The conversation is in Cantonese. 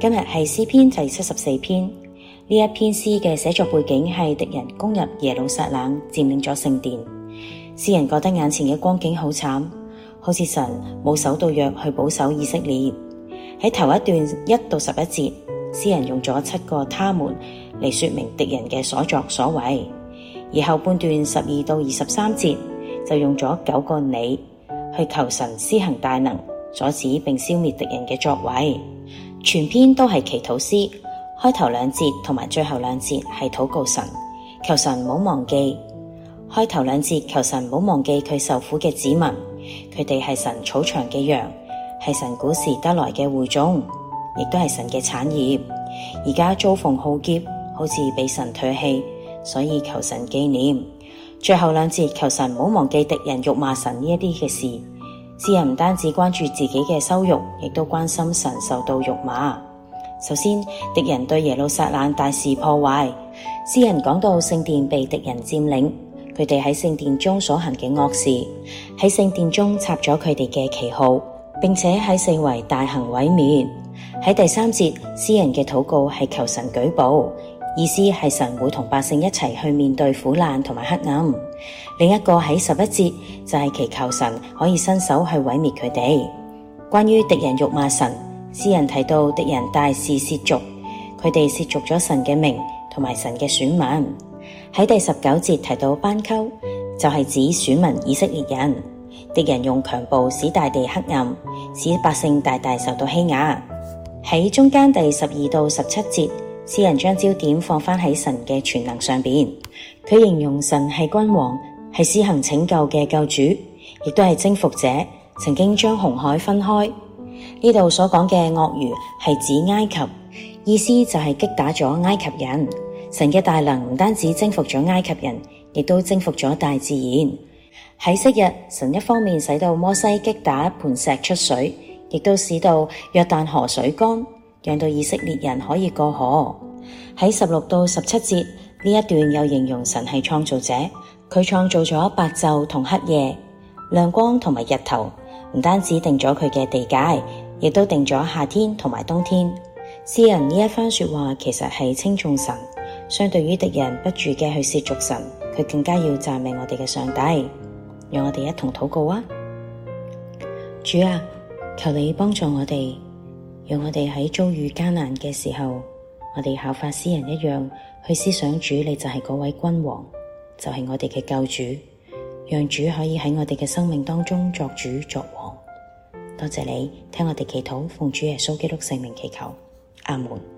今日係詩篇第七十四篇。呢一篇詩嘅寫作背景係敵人攻入耶路撒冷，佔領咗聖殿。詩人覺得眼前嘅光景好慘，好似神冇守到約去保守以色列。喺頭一段一到十一節，詩人用咗七個他們嚟說明敵人嘅所作所為；而後半段十二到二十三節，就用咗九個你去求神施行大能，阻止並消滅敵人嘅作為。全篇都係祈禱詩，開頭兩節同埋最後兩節係禱告神，求神唔好忘記。開頭兩節，求神唔好忘記佢受苦嘅子民，佢哋係神草場嘅羊，係神古時得來嘅護種，亦都係神嘅產業。而家遭逢浩劫，好似俾神唾棄，所以求神紀念。最後兩節，求神唔好忘記敵人辱罵神呢一啲嘅事。詩人唔單止關注自己嘅羞辱，亦都關心神受到辱罵。首先，敵人對耶路撒冷大肆破壞。詩人講到聖殿被敵人佔領，佢哋喺聖殿中所行嘅惡事，喺聖殿中插咗佢哋嘅旗號，並且喺四圍大行毀滅。喺第三節，詩人嘅禱告係求神舉步，意思係神會同百姓一齊去面對苦難同埋黑暗。另一個喺十一節就係、是、祈求神可以伸手去毀滅佢哋。關於敵人辱罵神，詩人提到敵人大肆褻瀆，佢哋褻瀆咗神嘅名同埋神嘅選民。喺第十九節提到斑鳩，就係、是、指選民以色列人。敵人用強暴使大地黑暗，使百姓大大受到欺壓。喺中間第十二到十七節。詩人將焦點放翻喺神嘅全能上面。佢形容神係君王，係施行拯救嘅救主，亦都係征服者。曾經將紅海分開。呢度所講嘅鱷魚係指埃及，意思就係擊打咗埃及人。神嘅大能唔單止征服咗埃及人，亦都征服咗大自然。喺昔日，神一方面使到摩西擊打磐石出水，亦都使到約旦河水乾。讓到以色列人可以過河。喺十六到十七節呢一段又形容神係創造者，佢創造咗白晝同黑夜，亮光同埋日頭，唔單止定咗佢嘅地界，亦都定咗夏天同埋冬天。詩人呢一番說話其實係稱頌神，相對於敵人不住嘅去褻瀆神，佢更加要讚美我哋嘅上帝。讓我哋一同禱告啊！主啊，求你幫助我哋。讓我哋喺遭遇艱難嘅時候，我哋效法詩人一樣去思想主，你就係嗰位君王，就係我哋嘅救主，讓主可以喺我哋嘅生命當中作主作王。多謝你聽我哋祈禱，奉主耶穌基督聖名祈求，阿門。